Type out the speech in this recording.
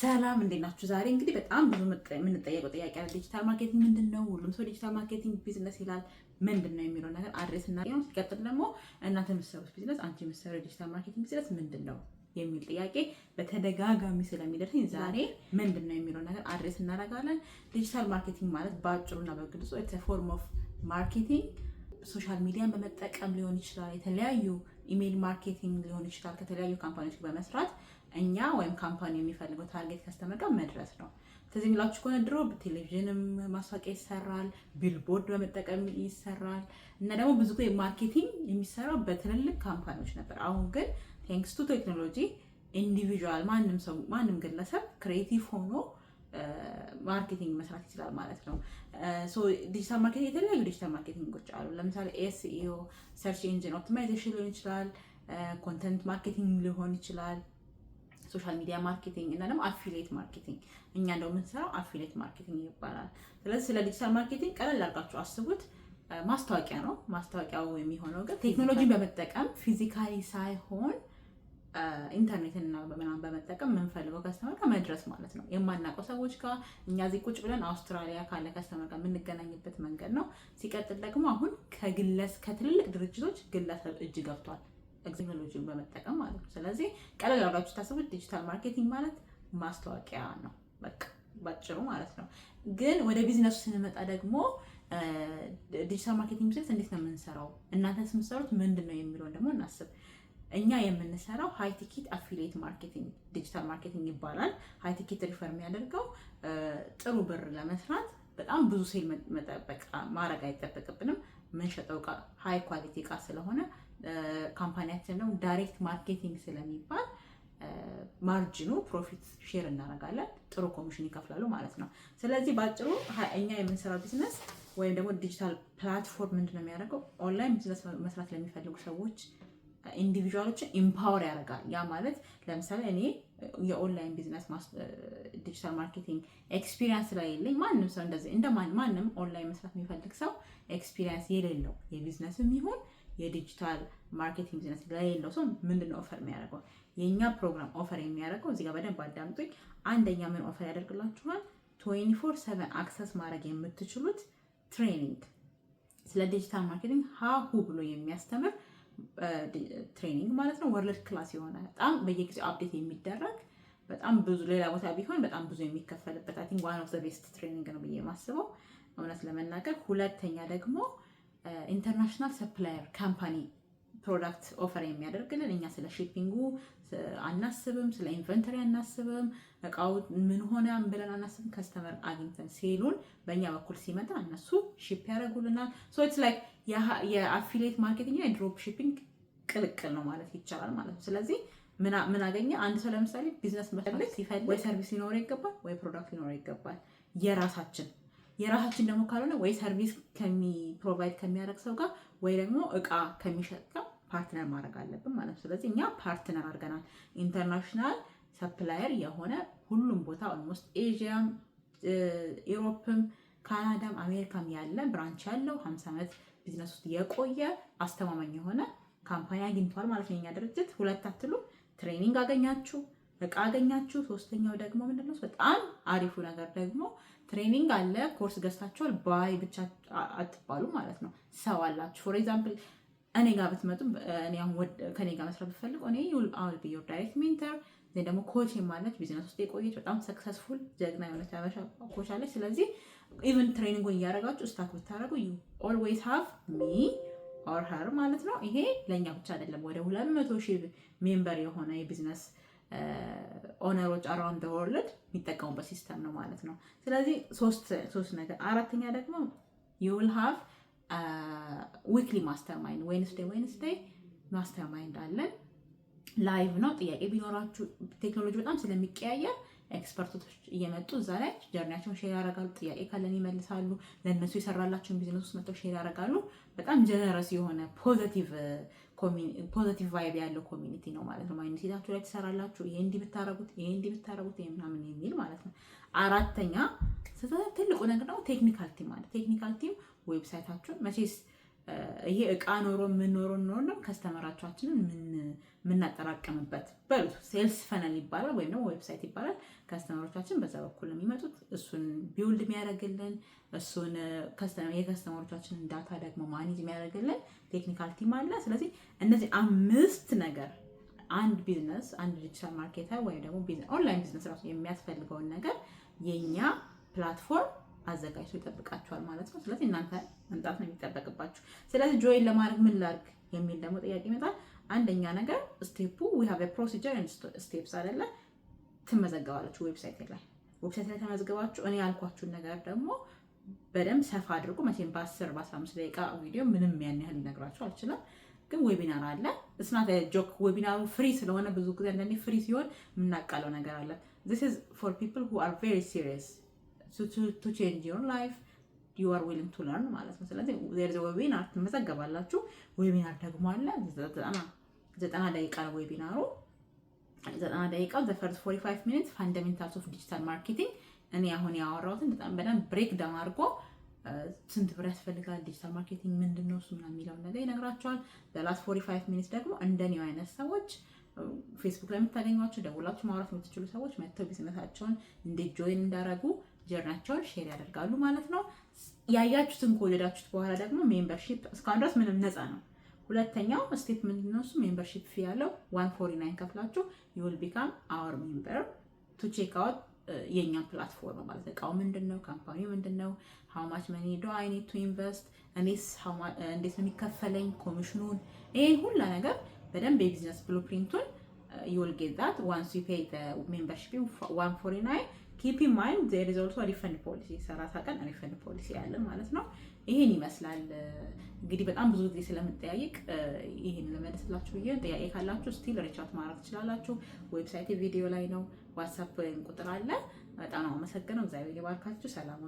ሰላም እንዴት ናችሁ? ዛሬ እንግዲህ በጣም ብዙ የምንጠየቀው ጥያቄ አለ። ዲጂታል ማርኬቲንግ ምንድን ነው? ሁሉም ሰው ዲጂታል ማርኬቲንግ ቢዝነስ ይላል። ምንድን ነው የሚለው ነገር አድሬስ እና ሲቀጥል ደግሞ እናንተ የምትሰሩት ቢዝነስ፣ አንቺ የምትሰሩት ዲጂታል ማርኬቲንግ ቢዝነስ ምንድን ነው የሚል ጥያቄ በተደጋጋሚ ስለሚደርስኝ ዛሬ ምንድን ነው የሚለው ነገር አድሬስ እናደርጋለን። ዲጂታል ማርኬቲንግ ማለት በአጭሩና በግልጹ ፎርም ኦፍ ማርኬቲንግ ሶሻል ሚዲያን በመጠቀም ሊሆን ይችላል። የተለያዩ ኢሜይል ማርኬቲንግ ሊሆን ይችላል። ከተለያዩ ካምፓኒዎች በመስራት እኛ ወይም ካምፓኒ የሚፈልገው ታርጌት ከስተመር ጋር መድረስ ነው። ስለዚህ የሚላችሁ ከሆነ ድሮ በቴሌቪዥንም ማስታወቂያ ይሰራል፣ ቢልቦርድ በመጠቀም ይሰራል እና ደግሞ ብዙ ጊዜ ማርኬቲንግ የሚሰራው በትልልቅ ካምፓኒዎች ነበር። አሁን ግን ቴንክስ ቱ ቴክኖሎጂ ኢንዲቪዥዋል ማንም ሰው ማንም ግለሰብ ክሬቲቭ ሆኖ ማርኬቲንግ መስራት ይችላል ማለት ነው። ዲጂታል ማርኬቲንግ የተለያዩ ዲጂታል ማርኬቲንጎች አሉ። ለምሳሌ ኤስኢኦ ሰርች ኢንጂን ኦፕቲማይዜሽን ሊሆን ይችላል፣ ኮንተንት ማርኬቲንግ ሊሆን ይችላል። ሶሻል ሚዲያ ማርኬቲንግ እና ደግሞ አፊሌት ማርኬቲንግ እኛ እንደው የምንሰራው አፊሌት ማርኬቲንግ ይባላል። ስለዚህ ስለ ዲጂታል ማርኬቲንግ ቀለል አድርጋችሁ አስቡት። ማስታወቂያ ነው። ማስታወቂያው የሚሆነው ግን ቴክኖሎጂን በመጠቀም ፊዚካሊ ሳይሆን ኢንተርኔትና ምናምን በመጠቀም የምንፈልገው ከስተመር ጋር መድረስ ማለት ነው። የማናውቀው ሰዎች ጋር እኛ እዚህ ቁጭ ብለን አውስትራሊያ ካለ ከስተመር ጋር የምንገናኝበት መንገድ ነው። ሲቀጥል ደግሞ አሁን ከግለስ ከትልልቅ ድርጅቶች ግለሰብ እጅ ገብቷል። ቴክኖሎጂን በመጠቀም ማለት ነው። ስለዚህ ቀለል አድርጋችሁ ታስቡት። ዲጂታል ማርኬቲንግ ማለት ማስታወቂያ ነው፣ በቃ ባጭሩ ማለት ነው። ግን ወደ ቢዝነሱ ስንመጣ ደግሞ ዲጂታል ማርኬቲንግ ቢዝነስ እንዴት ነው የምንሰራው፣ እናንተ ስምሰሩት ምንድን ነው የሚለውን ደግሞ እናስብ። እኛ የምንሰራው ሀይ ቲኬት አፊሊየት ማርኬቲንግ ዲጂታል ማርኬቲንግ ይባላል። ሀይ ቲኬት ሪፈር የሚያደርገው ጥሩ ብር ለመስራት በጣም ብዙ ሴል መጠበቅ ማድረግ አይጠበቅብንም። ምንሸጠው ሀይ ኳሊቲ እቃ ስለሆነ ካምፓኒያችን ነው ዳይሬክት ማርኬቲንግ ስለሚባል ማርጅኑ ፕሮፊት ሼር እናደርጋለን። ጥሩ ኮሚሽን ይከፍላሉ ማለት ነው። ስለዚህ በአጭሩ እኛ የምንሰራው ቢዝነስ ወይም ደግሞ ዲጂታል ፕላትፎርም ምንድን ነው የሚያደርገው? ኦንላይን ቢዝነስ መስራት ለሚፈልጉ ሰዎች ኢንዲቪዥዋሎችን ኢምፓወር ያደርጋል። ያ ማለት ለምሳሌ እኔ የኦንላይን ቢዝነስ ዲጂታል ማርኬቲንግ ኤክስፒሪየንስ ላይ የለኝ። ማንም ሰው እንደዚህ እንደ ማንም ኦንላይን መስራት የሚፈልግ ሰው ኤክስፒሪየንስ የሌለው የቢዝነስም ይሁን የዲጂታል ማርኬቲንግ ቢዝነስ ለሌለው ሰው ምንድን ነው ኦፈር የሚያደርገው? የእኛ ፕሮግራም ኦፈር የሚያደርገው እዚህ ጋር በደንብ አዳምጡኝ። አንደኛ ምን ኦፈር ያደርግላችኋል? ትዌንቲ ፎር ሰቨን አክሰስ ማድረግ የምትችሉት ትሬኒንግ፣ ስለ ዲጂታል ማርኬቲንግ ሀሁ ብሎ የሚያስተምር ትሬኒንግ ማለት ነው። ወርልድ ክላስ የሆነ በጣም በየጊዜው አፕዴት የሚደረግ በጣም ብዙ ሌላ ቦታ ቢሆን በጣም ብዙ የሚከፈልበት አይ ቲንክ ዋን ኦፍ ዘ ቤስት ትሬኒንግ ነው ብዬ የማስበው እውነት ለመናገር ሁለተኛ ደግሞ ኢንተርናሽናል ሰፕላየር ካምፓኒ ፕሮዳክት ኦፈር የሚያደርግልን እኛ ስለ ሺፒንጉ አናስብም፣ ስለ ኢንቨንተሪ አናስብም፣ እቃው ምን ሆነ ብለን አናስብም። ከስተመር አግኝተን ሴሉን በእኛ በኩል ሲመጣ እነሱ ሺፕ ያደርጉልናል። ሶ ኢትስ ላይክ የአፊሌት ማርኬቲንግ የድሮፕ ሺፒንግ ቅልቅል ነው ማለት ይቻላል ማለት ነው። ስለዚህ ምን አገኘ? አንድ ሰው ለምሳሌ ቢዝነስ መፈለግ ሲፈልግ ወይ ሰርቪስ ሊኖረው ይገባል፣ ወይ ፕሮዳክት ሊኖረው ይገባል የራሳችን የራሳችን ደግሞ ካልሆነ ወይ ሰርቪስ ከሚፕሮቫይድ ከሚያደርግ ሰው ጋር ወይ ደግሞ እቃ ከሚሸጥ ጋር ፓርትነር ማድረግ አለብን ማለት ነው። ስለዚህ እኛ ፓርትነር አድርገናል። ኢንተርናሽናል ሰፕላየር የሆነ ሁሉም ቦታ ኦልሞስት ኤዥያም፣ ኤሮፕም፣ ካናዳም አሜሪካም ያለ ብራንች ያለው ሀምሳ ዓመት ቢዝነስ ውስጥ የቆየ አስተማማኝ የሆነ ካምፓኒ አግኝቷል ማለት ነው። የኛ ድርጅት ሁለት አትሉ ትሬኒንግ አገኛችሁ እቃ አገኛችሁ። ሶስተኛው ደግሞ ምንድነው በጣም አሪፉ ነገር ደግሞ ትሬኒንግ አለ፣ ኮርስ ገዝታችኋል። ባይ ብቻ አትባሉ ማለት ነው። ሰው አላችሁ። ፎር ኤግዛምፕል እኔ ጋር ብትመጡ ከኔ ጋር መስራት ብፈልግ እኔ አውል ቢ ዮር ዳይሬክት ሜንተር ደግሞ ኮች የማለች ቢዝነስ ውስጥ የቆየች በጣም ሰክሰስፉል ጀግና የሆነች አበሻ ኮች አለች። ስለዚህ ኢቨን ትሬኒንጉን እያደረጋችሁ ስታክ ብታደረጉ ዩ ኦልዌይስ ሃቭ ሚ ኦር ሀር ማለት ነው። ይሄ ለእኛ ብቻ አይደለም፣ ወደ ሁለት መቶ ሺህ ሜምበር የሆነ የቢዝነስ ኦነሮች አራውንድ ወርልድ የሚጠቀሙበት ሲስተም ነው ማለት ነው። ስለዚህ ሶስት ነገር። አራተኛ ደግሞ ዩል ሃቭ ዊክሊ ማስተር ማይንድ ዌንስዴ ዌንስዴ ማስተር ማይንድ አለን። ላይቭ ነው። ጥያቄ ቢኖራችሁ ቴክኖሎጂ በጣም ስለሚቀያየር ኤክስፐርቶች እየመጡ እዛ ላይ ጀርኒያቸውን ሼር ያደርጋሉ። ጥያቄ ካለን ይመልሳሉ። ለእነሱ የሰራላቸውን ቢዝነስ ውስጥ መጥተው ሼር ያደርጋሉ። በጣም ጀነረስ የሆነ ፖዘቲቭ ፖዘቲቭ ቫይብ ያለው ኮሚኒቲ ነው ማለት ነው። ማይነት ሴታችሁ ላይ ትሰራላችሁ። ይሄ እንዲህ ብታረጉት፣ ይሄ እንዲህ ብታረጉት፣ ይሄ ምናምን የሚል ማለት ነው። አራተኛ ትልቁ ነገር ነው ቴክኒካል ቲም አለ። ቴክኒካል ቲም ዌብሳይታችሁን መቼስ ይሄ እቃ ኖሮ የምንኖረ ኖረም ከስተመራችንን የምናጠራቅምበት በሉት ሴልስ ፈነል ይባላል፣ ወይም ደግሞ ዌብሳይት ይባላል። ከስተመሮቻችን በዛ በኩል የሚመጡት እሱን ቢውልድ የሚያደርግልን እሱን የከስተመሮቻችንን ዳታ ደግሞ ማኔጅ የሚያደርግልን ቴክኒካል ቲም አለ። ስለዚህ እነዚህ አምስት ነገር አንድ ቢዝነስ አንድ ዲጂታል ማርኬተር ወይም ደግሞ ኦንላይን ቢዝነስ ራሱ የሚያስፈልገውን ነገር የኛ ፕላትፎርም አዘጋጅቶ ይጠብቃችኋል ማለት ነው። ስለዚህ እናንተ መምጣት ነው የሚጠበቅባችሁ። ስለዚህ ጆይን ለማድረግ ምን ላድርግ የሚል ደግሞ ጥያቄ ይመጣል። አንደኛ ነገር ስቴፑ ዊ ሃቭ ፕሮሲጀር ስቴፕስ አይደለ ትመዘገባላችሁ። ዌብሳይት ላይ ዌብሳይት ላይ ተመዝግባችሁ እኔ ያልኳችሁን ነገር ደግሞ በደንብ ሰፋ አድርጎ መቼም በ10 በ15 ደቂቃ ቪዲዮ ምንም ያን ያህል ሊነግራችሁ አልችልም። ግን ዌቢናር አለ እስናት ጆክ ዌቢናሩ ፍሪ ስለሆነ ብዙ ጊዜ እንደኔ ፍሪ ሲሆን የምናቃለው ነገር አለ ዚስ ኢዝ ፎር ፒፕል ሁ አር ቬሪ ሲሪየስ ቱ ቼንጅ ዮር ላይፍ ዩ አር ዊሊንግ ቱ ለርን ማለት ነው። ስለዚህ ዜርዘ ዌቢናር ትመዘገባላችሁ። ዌቢናር ደግሞ አለ ዘጠና ደቂቃ ዌቢናሩ ዘጠና ደቂቃ ዘ ፈርስት 45 ፋይቭ ሚኒትስ ፋንዳሜንታልስ ኦፍ ዲጂታል ማርኬቲንግ እኔ አሁን ያወራሁትን በጣም በደንብ ብሬክ ዳውን አድርጎ ስንት ብር ያስፈልጋል፣ ዲጂታል ማርኬቲንግ ምንድን ነው እሱ ምናምን የሚለውን ነገር ይነግራቸዋል። ዘላስት ፎርቲ ፋይቭ ሚኒትስ ደግሞ እንደኔው አይነት ሰዎች ፌስቡክ ላይ የምታገኟቸው ደውላችሁ ማውራት የምትችሉ ሰዎች መጥተው ቢዝነሳቸውን እንዴት ጆይን እንዳረጉ ጀርናቸውን ሼር ያደርጋሉ ማለት ነው። ያያችሁትን ከወደዳችሁት በኋላ ደግሞ ሜምበርሺፕ እስካሁን ድረስ ምንም ነፃ ነው። ሁለተኛው ስቴፕ ምንድን ነው? እሱ ሜምበርሺፕ ፊ ያለው ዋን ፎሪ ናይን ከፍላችሁ ዩል ቢካም አወር ሜምበር ቱ ቼክ አውት የኛ ፕላትፎርም ማለት ነው። እቃው ምንድን ነው? ካምፓኒ ምንድን ነው? ሀው ማች መኒ ዶ አይ ኒድ ቱ ኢንቨስት፣ እኔስ uh, እንዴት ነው የሚከፈለኝ? ኮሚሽኑን፣ ይሄን ሁላ ነገር በደንብ የቢዝነስ ብሉፕሪንቱን ዩል ጌት ዛት ዋንስ ዩ ፔይ ሜምበርሺፕ ዋን ፎሪ ኪፕ ኢን ማይንድ ዜር ኢዝ ኦልሶ ሪፈንድ ፖሊሲ ሰላሳ ቀን ሪፈንድ ፖሊሲ ያለ ማለት ነው። ይሄን ይመስላል እንግዲህ በጣም ብዙ ጊዜ ስለምጠያየቅ ይህን ለመለስላችሁ ብዬ ጥያቄ ካላችሁ ስቲል ሪቻት ማድረግ ትችላላችሁ። ዌብሳይት ቪዲዮ ላይ ነው። ዋትሳፕ ወይም ቁጥር አለ። በጣም አመሰግነው። እግዚአብሔር ይባርካችሁ። ሰላም